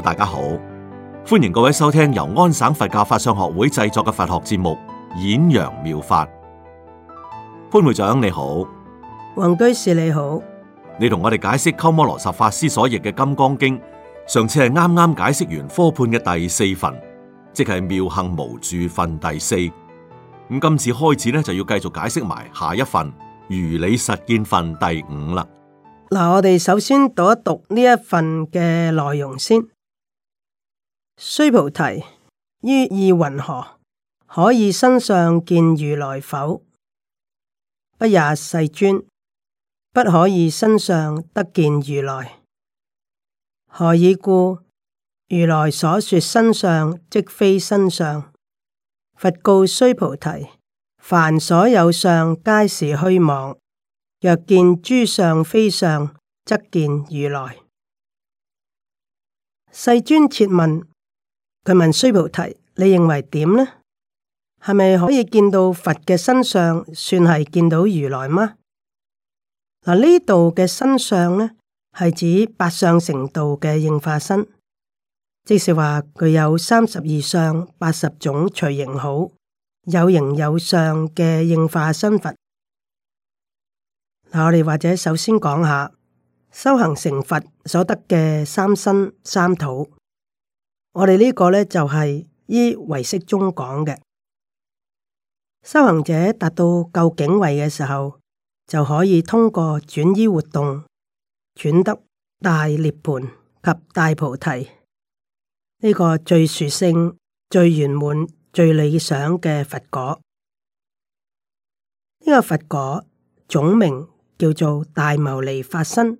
大家好，歡迎各位收聽由安省佛教法相學會製作嘅佛學節目《演揚妙，妙法》。潘會長你好，黃居士你好，你同我哋解釋鳩摩羅什法師所譯嘅《金剛經》，上次係啱啱解釋完科判嘅第四份，即係妙行無住分第四。咁今次開始咧就要繼續解釋埋下一份如理實見分第五啦。嗱，我哋首先讀一讀呢一份嘅內容先。須菩提於意云何？可以身相見如來否？不也，世尊。不可以身相得見如來。何以故？如來所說身相，即非身相。佛告須菩提：凡所有相，皆是虛妄。若見諸相非相，則見如來。世尊切，切問。佢問須菩提：你認為點呢？係咪可以見到佛嘅身相，算係見到如來嗎？嗱，呢度嘅身相呢，係指八相成道嘅應化身，即是話具有三十二相，八十種隨形好，有形有相嘅應化身佛。嗱、嗯，我哋或者首先講下修行成佛所得嘅三身三土。我哋呢個呢，就係、是、依唯識中講嘅，修行者達到究竟位嘅時候，就可以通過轉依活動，轉得大涅槃及大菩提呢、這個最殊勝、最圓滿、最理想嘅佛果。呢、這個佛果總名叫做大牟尼法身。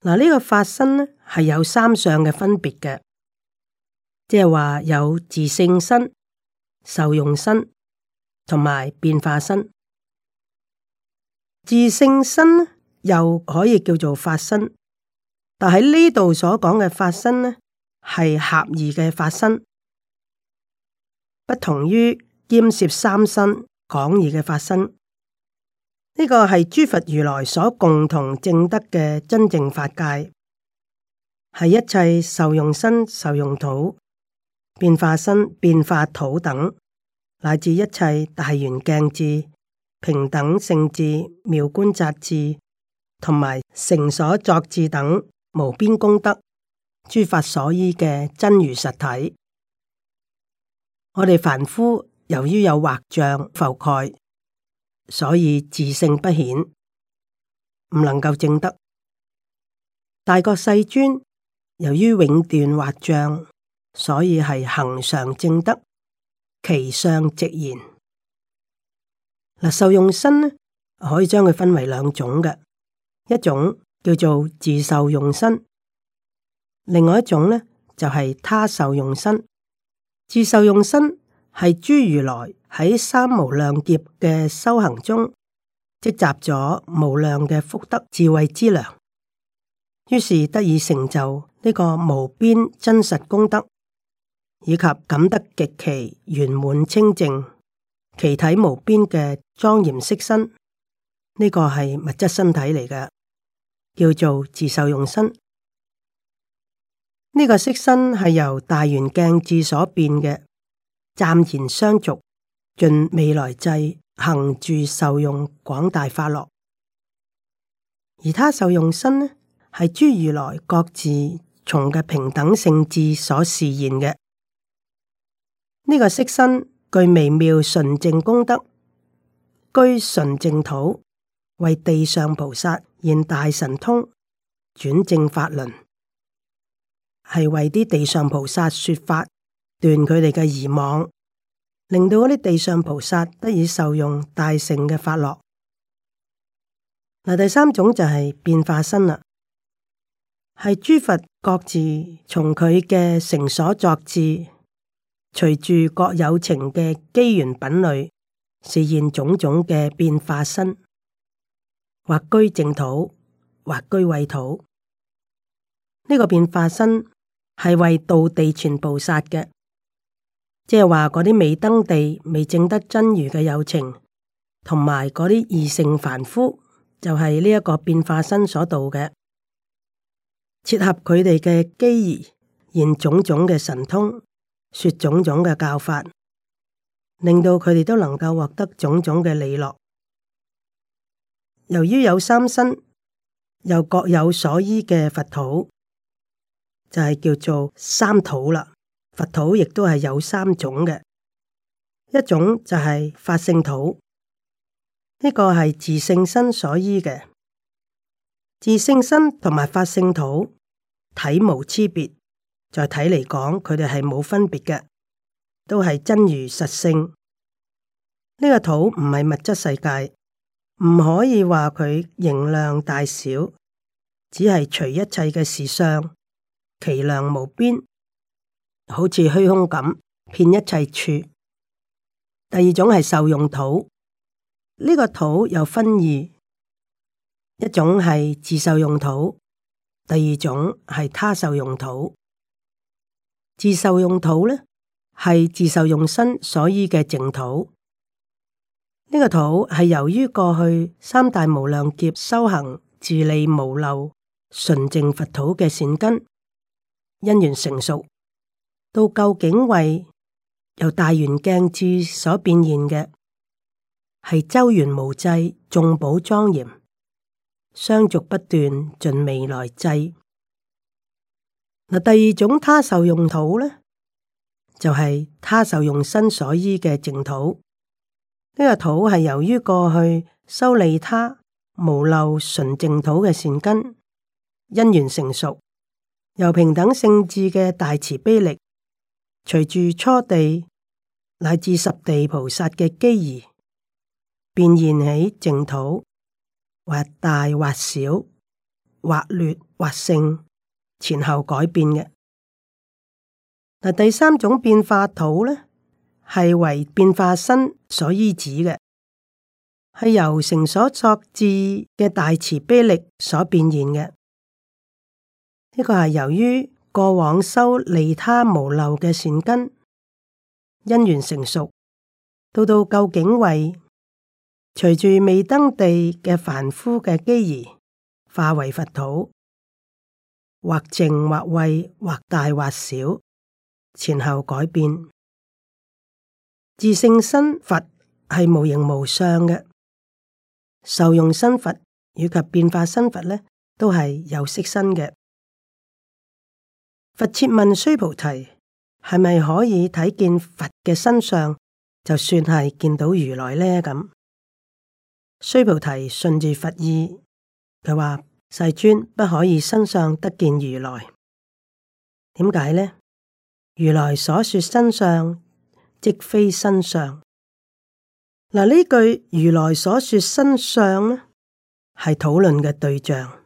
嗱，呢個法身呢，係有三相嘅分別嘅，即係話有自性身、受用身同埋變化身。自性身又可以叫做法身，但喺呢度所講嘅法身呢，係狹義嘅法身，不同於兼涉三身廣義嘅法身。呢個係諸佛如來所共同證得嘅真正法界。係一切受用身、受用土、變化身、變化土等，乃至一切大圓鏡智、平等性智、妙觀察智同埋成所作智等無邊功德，諸法所依嘅真如實體。我哋凡夫由於有惑障、覆蓋，所以自性不顯，唔能夠證得大覺世尊。由於永斷惑障，所以係行常正德，其相直然。立受用身呢，可以將佢分為兩種嘅，一種叫做自受用身，另外一種呢就係、是、他受用身。自受用身係諸如來喺三無量劫嘅修行中積集咗無量嘅福德智慧之糧，於是得以成就。呢個無邊真實功德，以及感得極其圓滿清淨，其體無邊嘅莊嚴色身，呢、這個係物質身體嚟嘅，叫做自受用身。呢、這個色身係由大圓鏡智所變嘅，暫然相續，盡未來際行住受用廣大法樂。而他受用身呢，係諸如來各自，從嘅平等性智所示現嘅呢、這個色身具微妙純正功德，居純淨土，為地上菩薩現大神通，轉正法輪，係為啲地上菩薩說法，斷佢哋嘅疑網，令到嗰啲地上菩薩得以受用大乘嘅法樂。嗱，第三種就係變化身啦。係諸佛各自從佢嘅成所作智，隨住各有情嘅機緣品類，示現種種嘅變化身，或居淨土，或居穢土。呢、這個變化身係為度地前菩薩嘅，即係話嗰啲未登地、未證得真如嘅有情，同埋嗰啲異生凡夫，就係呢一個變化身所度嘅。切合佢哋嘅機宜，現種種嘅神通，說種種嘅教法，令到佢哋都能夠獲得種種嘅利樂。由於有三身，又各有所依嘅佛土，就係叫做三土啦。佛土亦都係有三種嘅，一種就係法性土，呢個係自性身所依嘅，自性身同埋法性土。體無差別，再睇嚟講，佢哋係冇分別嘅，都係真如實性。呢、這個土唔係物質世界，唔可以話佢形量大小，只係隨一切嘅事相，其量無邊，好似虛空咁遍一切處。第二種係受用土，呢、這個土有分二，一種係自受用土。第二種係他受用土，自受用土呢，係自受用身所依嘅淨土。呢、這個土係由於過去三大無量劫修行自利無漏純淨佛土嘅善根，因緣成熟到究竟位，由大圓鏡智所變現嘅，係周圓無際、眾寶莊嚴。相續不斷，盡未來際。嗱，第二種他受用土呢就係、是、他受用身所依嘅淨土。呢、這個土係由於過去修利他、無漏純淨土嘅善根，因緣成熟，由平等性智嘅大慈悲力，隨住初地乃至十地菩薩嘅機宜，變現起淨土。或大或小，或劣或勝，前後改變嘅。嗱，第三種變化土咧，係為變化身所依止嘅，係由成所作智嘅大慈悲力所變現嘅。呢個係由於過往修利他無漏嘅善根，因緣成熟，到到究竟位。隨住未登地嘅凡夫嘅機宜，化為佛土，或淨或穢，或大或小，前後改變。自性身佛係無形無相嘅，受用身佛以及變化身佛咧，都係有色身嘅。佛切問須菩提，係咪可以睇見佛嘅身相，就算係見到如來咧咁？須菩提順住佛意，佢話世尊不可以身相得見如來。點解呢？如來所說身相，即非身相。嗱，呢句如來所說身相呢，係討論嘅對象。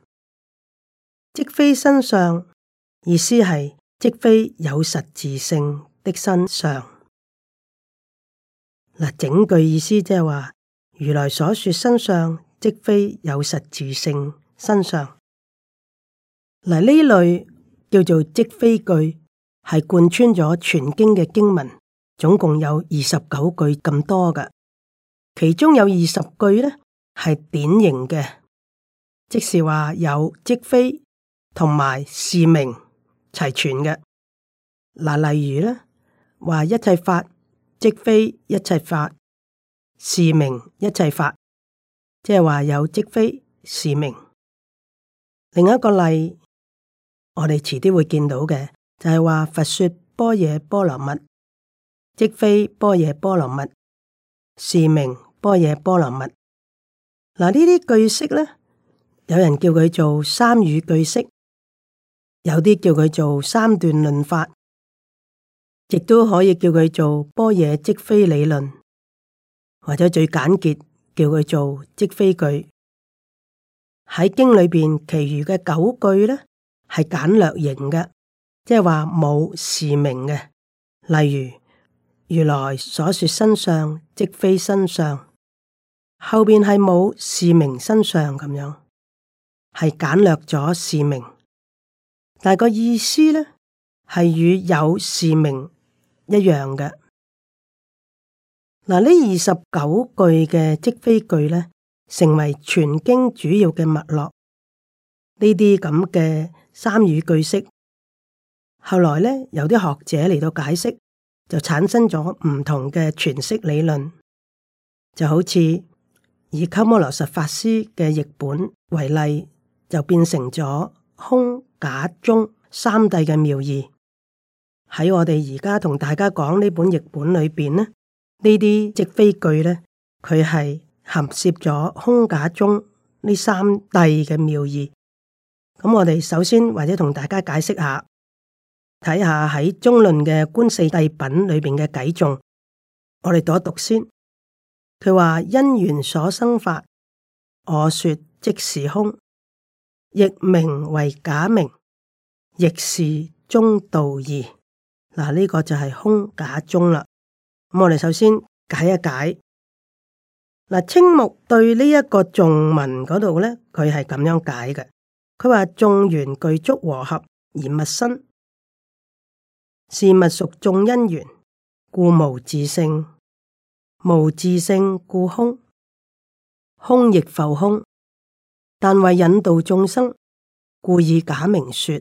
即非身相意思係，即非有實質性的身相。嗱，整句意思即係話。如來所說，身相即非有實質性身相。嗱呢類叫做即非句，係貫穿咗全經嘅經文，總共有二十九句咁多㗎。其中有二十句呢，係典型嘅，即是話有即非同埋是名齊全嘅。嗱，例如呢：話一切法即非一切法。是名一切法，即係話有即非是名。另一個例，我哋遲啲會見到嘅，就係、是、話佛說般若波羅蜜，即非般若波羅蜜，是名般若波羅蜜。嗱，呢啲句式咧，有人叫佢做三語句式，有啲叫佢做三段論法，亦都可以叫佢做般若即非理論。或者最簡潔叫佢做即非句。喺經裏邊，其餘嘅九句咧係簡略型嘅，即係話冇是名嘅。例如如來所說身相即非身相，後邊係冇是名身相咁樣，係簡略咗是名。但係個意思咧係與有是名一樣嘅。嗱，呢二十九句嘅即非句咧，成為全經主要嘅脈絡。呢啲咁嘅三語句式，後來咧有啲學者嚟到解釋，就產生咗唔同嘅詮釋理論。就好似以鳩摩羅什法師嘅譯本為例，就變成咗空假中三諦嘅妙義。喺我哋而家同大家講呢本譯本裏邊呢？呢啲即非句呢，佢係含涉咗空假中呢三諦嘅妙義。咁我哋首先或者同大家解釋下，睇下喺中論嘅觀四諦品裏邊嘅偈頌，我哋讀一讀先。佢話因緣所生法，我說即是空，亦名為假名，亦是中道義。嗱，呢個就係空假中啦。咁我哋首先解一解嗱，青目對呢一個頌文嗰度咧，佢係咁樣解嘅。佢話眾緣具足和合而物生，是物屬眾因緣，故無自性。無自性故空，空亦浮空。但為引導眾生，故以假名說，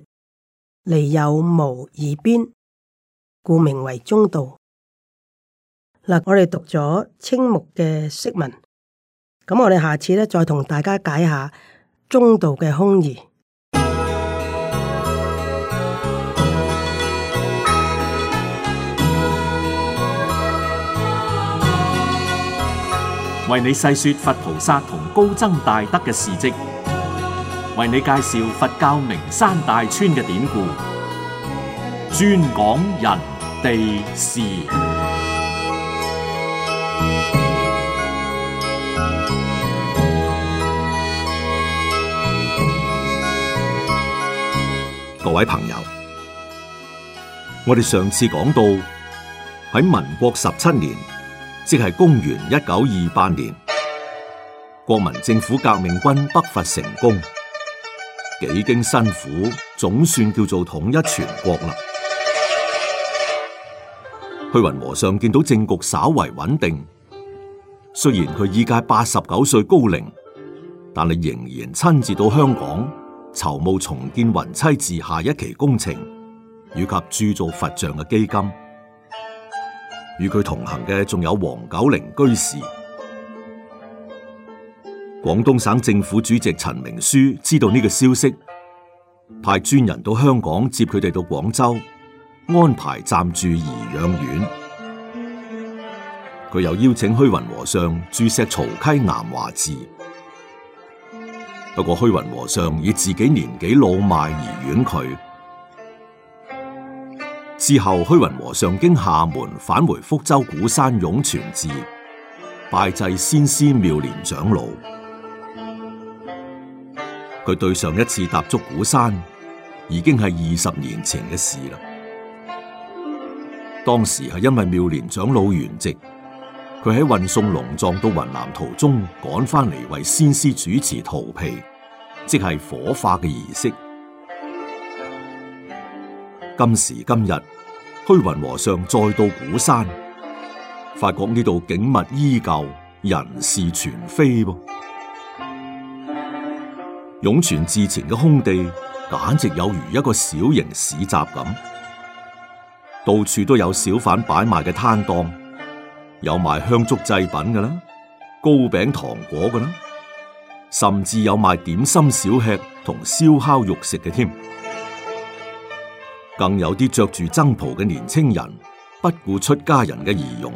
離有無二邊，故名為中道。嗱，我哋讀咗青木嘅釋文，咁我哋下次咧再同大家解，解下中道嘅空義。為你細說佛菩薩同高僧大德嘅事跡，為你介紹佛教名山大川嘅典故，專講人地事。各位朋友，我哋上次講到喺民國十七年，即係公元一九二八年，國民政府革命軍北伐成功，幾經辛苦，總算叫做統一全國啦。虛雲和尚見到政局稍為穩定，雖然佢依家八十九歲高齡，但係仍然親自到香港。籌募重建雲棲寺下一期工程，以及鑄造佛像嘅基金。與佢同行嘅仲有黃九齡居士。廣東省政府主席陳明書知道呢個消息，派專人到香港接佢哋到廣州，安排暫住頤養院。佢又邀請虛雲和尚駐錫曹溪南華寺。不過虛雲和尚以自己年紀老邁而婉拒。之後虛雲和尚經廈門返回福州鼓山湧泉寺拜祭先師妙蓮長老。佢對上一次踏足鼓山，已經係二十年前嘅事啦。當時係因為妙蓮長老圓寂。佢喺運送龍藏到雲南途中，趕翻嚟為先師主持荼毗，即係火化嘅儀式。今時今日，虛雲和尚再到鼓山，發覺呢度景物依舊，人事全非噃。湧泉寺前嘅空地，簡直有如一個小型市集咁，到處都有小販擺賣嘅攤檔。有賣香燭製品嘅啦，糕餅糖果嘅啦，甚至有賣點心小吃同燒烤肉食嘅添，更有啲着住僧袍嘅年輕人，不顧出家人嘅儀容，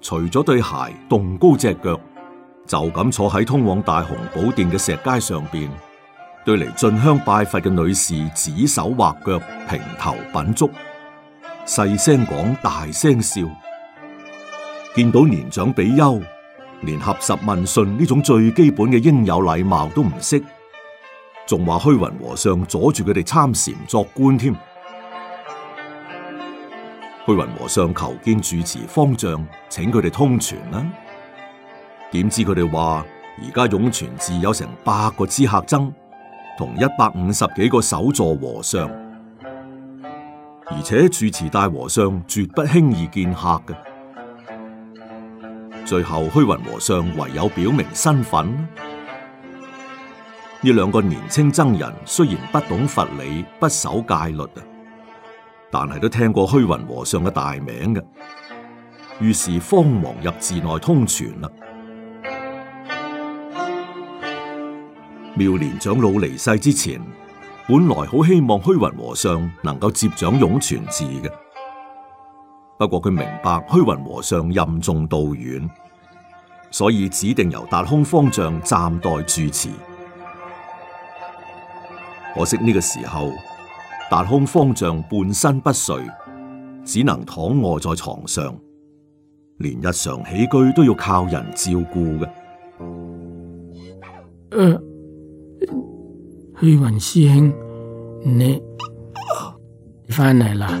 除咗對鞋，動高隻腳，就咁坐喺通往大雄寶殿嘅石階上邊，對嚟進香拜佛嘅女士指手畫腳，平頭品足，細聲講，大聲笑。見到年長比丘連合十問訊呢種最基本嘅應有禮貌都唔識，仲話虛雲和尚阻住佢哋參禪作觀添。虛雲和尚求見住持方丈，請佢哋通傳啦。點知佢哋話而家湧泉寺有成百個知客僧，同一百五十幾個首座和尚，而且住持大和尚絕不輕易見客嘅。最後虛雲和尚唯有表明身份。呢兩個年青僧人雖然不懂佛理，不守戒律啊，但係都聽過虛雲和尚嘅大名嘅，於是慌忙入寺內通傳啦。妙蓮長老離世之前，本來好希望虛雲和尚能夠接掌湧泉寺嘅。不過佢明白虛雲和尚任重道遠，所以指定由達空方丈暫代住持。可惜呢個時候，達空方丈半身不遂，只能躺臥在床上，連日常起居都要靠人照顧嘅。誒、呃，虛雲師兄，你翻嚟啦？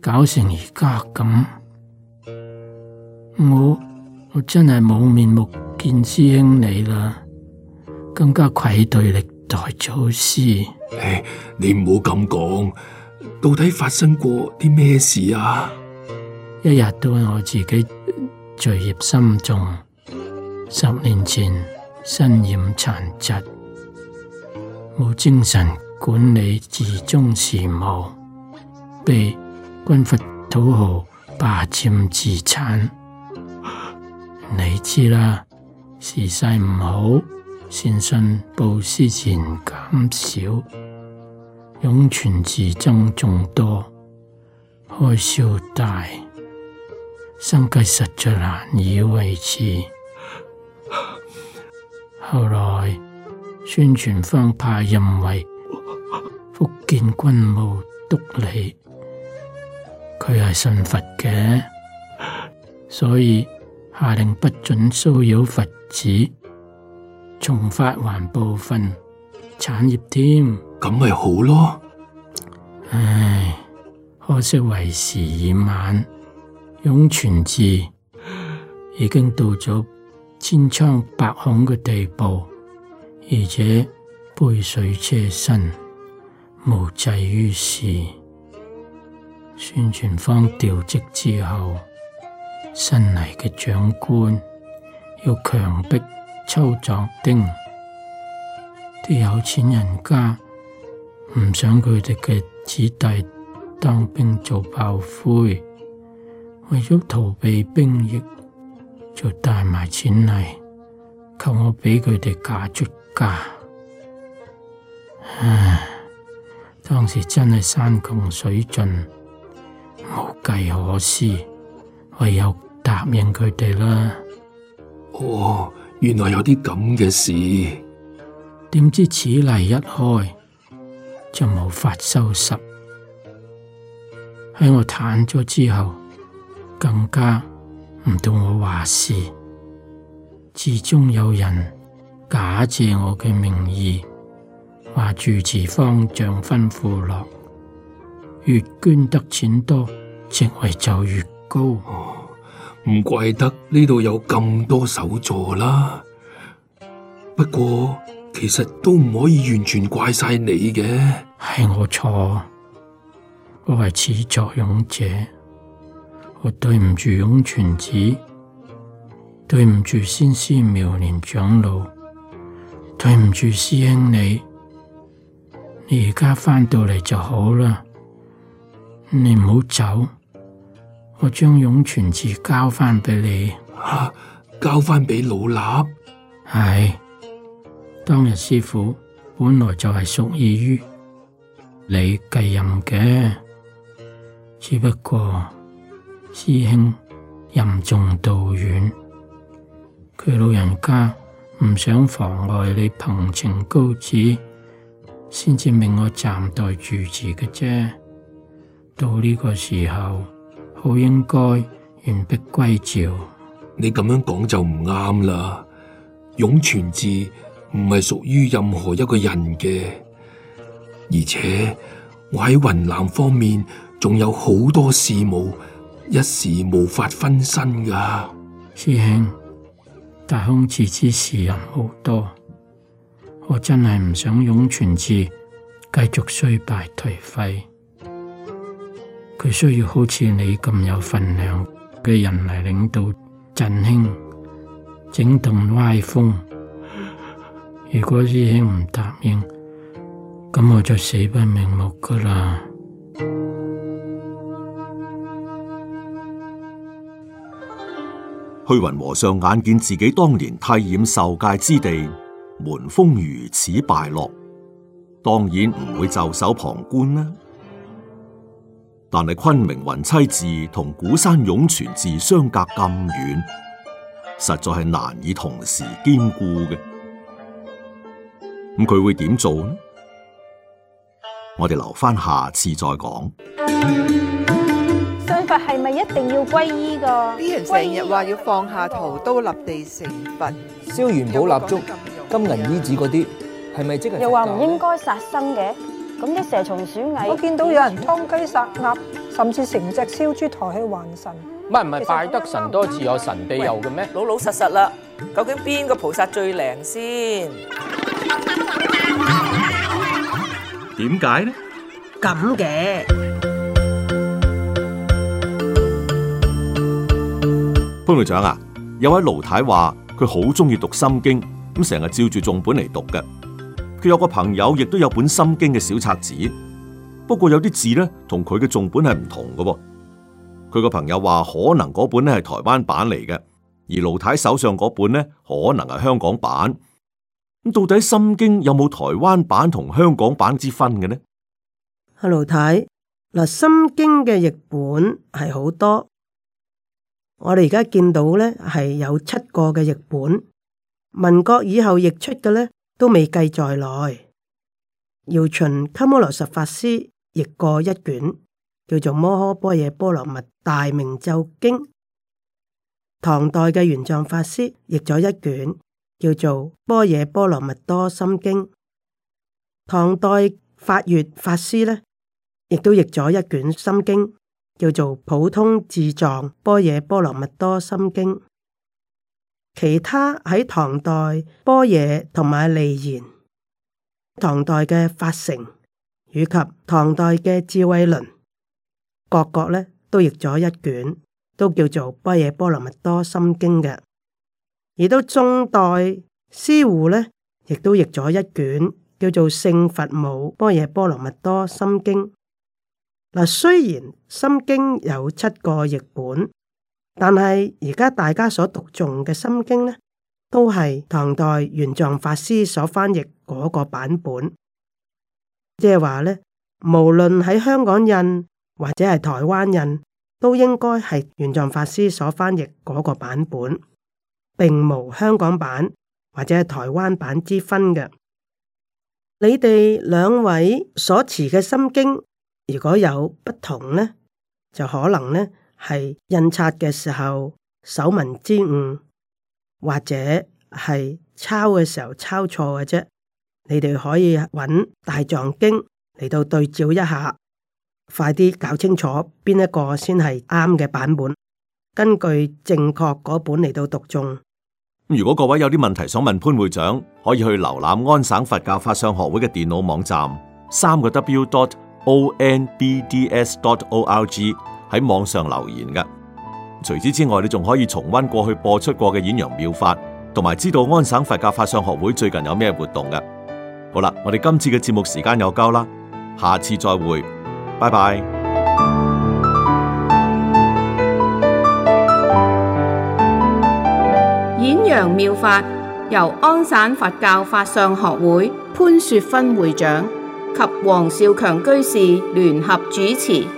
搞成而家咁，我我真係冇面目見師兄你啦，更加愧對歷代祖師。你唔好咁講，到底發生過啲咩事啊？一日都係我自己罪孽深重，十年前身染殘疾，冇精神管理寺中事務，被。軍閥土豪，霸占資產，你知啦。時勢唔好，善信佈施錢減少，湧泉寺僧眾多，開銷大，生計實在難以維持。後來孫傳芳派任為福建軍務督理。佢係信佛嘅，所以下令不准騷擾佛寺，重發還部分產業添。咁咪好咯？唉，可惜為時已晚。湧泉寺已經到咗千瘡百孔嘅地步，而且杯水車薪，無濟於事。宣傳方調職之後，新嚟嘅長官要強迫抽壯丁，啲有錢人家唔想佢哋嘅子弟當兵做炮灰，為咗逃避兵役，就帶埋錢嚟求我俾佢哋假出家。唉，當時真係山窮水盡。無計可施，唯有答應佢哋啦。哦，原來有啲咁嘅事。點知此例一開，就無法收拾。喺我嘆咗之後，更加唔到我話事，始終有人假借我嘅名義，話住持方丈吩咐落。越捐得錢多，職位就越高。唔、哦、怪得呢度有咁多首座啦。不過其實都唔可以完全怪晒你嘅，係我錯，我係始作俑者，我對唔住涌泉子，對唔住先師妙蓮長老，對唔住師兄你，你而家翻到嚟就好啦。你唔好走，我將湧泉寺交返俾你。吓、啊，交返俾老衲？係，當日師傅本來就係屬意於，於你繼任嘅，只不過師兄任重道遠，佢老人家唔想妨礙你鵬程高志，先至命我暫代住持嘅啫。到呢個時候，好應該完璧歸趙。你咁樣講就唔啱啦！湧泉寺唔係屬於任何一個人嘅，而且我喺雲南方面仲有好多事務，一時無法分身噶。師兄，大空寺之事人好多，我真係唔想湧泉寺繼續衰敗頹廢。佢需要好似你咁有份量嘅人嚟領導振興、整頓歪風。如果師兄唔答應，咁我就死不瞑目噶啦！虛雲和尚眼見自己當年剃染受戒之地，門風如此敗落，當然唔會袖手旁觀啦。但係昆明雲棲寺同鼓山湧泉寺相隔咁遠，實在係難以同時兼顧嘅。咁佢會點做呢？我哋留翻下,下次再講。信佛係咪一定要皈依噶？呢啲人成日話要放下屠刀立地成佛，燒元寶蠟燭、金銀衣紙嗰啲，係咪即係又話唔應該殺生嘅？咁啲蛇蟲鼠蟻，我見到有人劏雞殺鴨，甚至成隻燒豬抬起還神。唔係唔係，拜得神多自有神庇佑嘅咩？老老實實啦，究竟邊個菩薩最靈先？點解呢？咁嘅潘隊長啊，有位盧太話佢好中意讀《心經》經常常，咁成日照住重本嚟讀嘅。佢有個朋友亦都有本《心經》嘅小冊子，不過有啲字咧同佢嘅重本係唔同嘅，哦。佢個朋友話可能嗰本咧係台灣版嚟嘅，而盧太手上嗰本咧可能係香港版。咁到底《心經》有冇台灣版同香港版之分嘅呢？阿盧太嗱，《心經》嘅譯本係好多，我哋而家見到咧係有七個嘅譯本，民國以後譯出嘅咧都未計在內。姚秦鳩摩羅什法師譯過一卷，叫做《摩訶般若波羅蜜大明咒經》。唐代嘅玄奘法師譯咗一卷，叫做《般若波羅蜜多心經》。唐代法月法師呢，亦都譯咗一卷心經，叫做《普通智藏般若波羅蜜多心經》。其他喺唐代般若同埋利言，唐代嘅法成以及唐代嘅智慧輪，各國咧都譯咗一卷，都叫做《般若波羅蜜多心經》嘅。而到宋代施護咧，亦都譯咗一卷，叫做《聖佛母般若波羅蜜多心經》。嗱，雖然心經有七個譯本，但係而家大家所讀誦嘅《心經》呢，都係唐代玄奘法師所翻譯嗰個版本。即係話呢，無論喺香港印或者係台灣印，都應該係玄奘法師所翻譯嗰個版本，並無香港版或者係台灣版之分嘅。你哋兩位所持嘅《心經》，如果有不同呢，就可能呢，係印刷嘅時候手民之誤，或者係抄嘅時候抄錯嘅啫。你哋可以揾《大藏經》嚟到對照一下，快啲搞清楚邊一個先係啱嘅版本，根據正確嗰本嚟到讀誦。如果各位有啲問題想問潘會長，可以去瀏覽安省佛教法相學會嘅電腦網站，三個 w dot onbds dot org。喺網上留言嘅。除此之外，你仲可以重溫過去播出過嘅《演揚妙法》，同埋知道安省佛教法相學會最近有咩活動嘅。好啦，我哋今次嘅節目時間有夠啦，下次再會，拜拜。《演揚妙法》由安省佛教法相學會潘雪芬會長及黃少強居士聯合主持。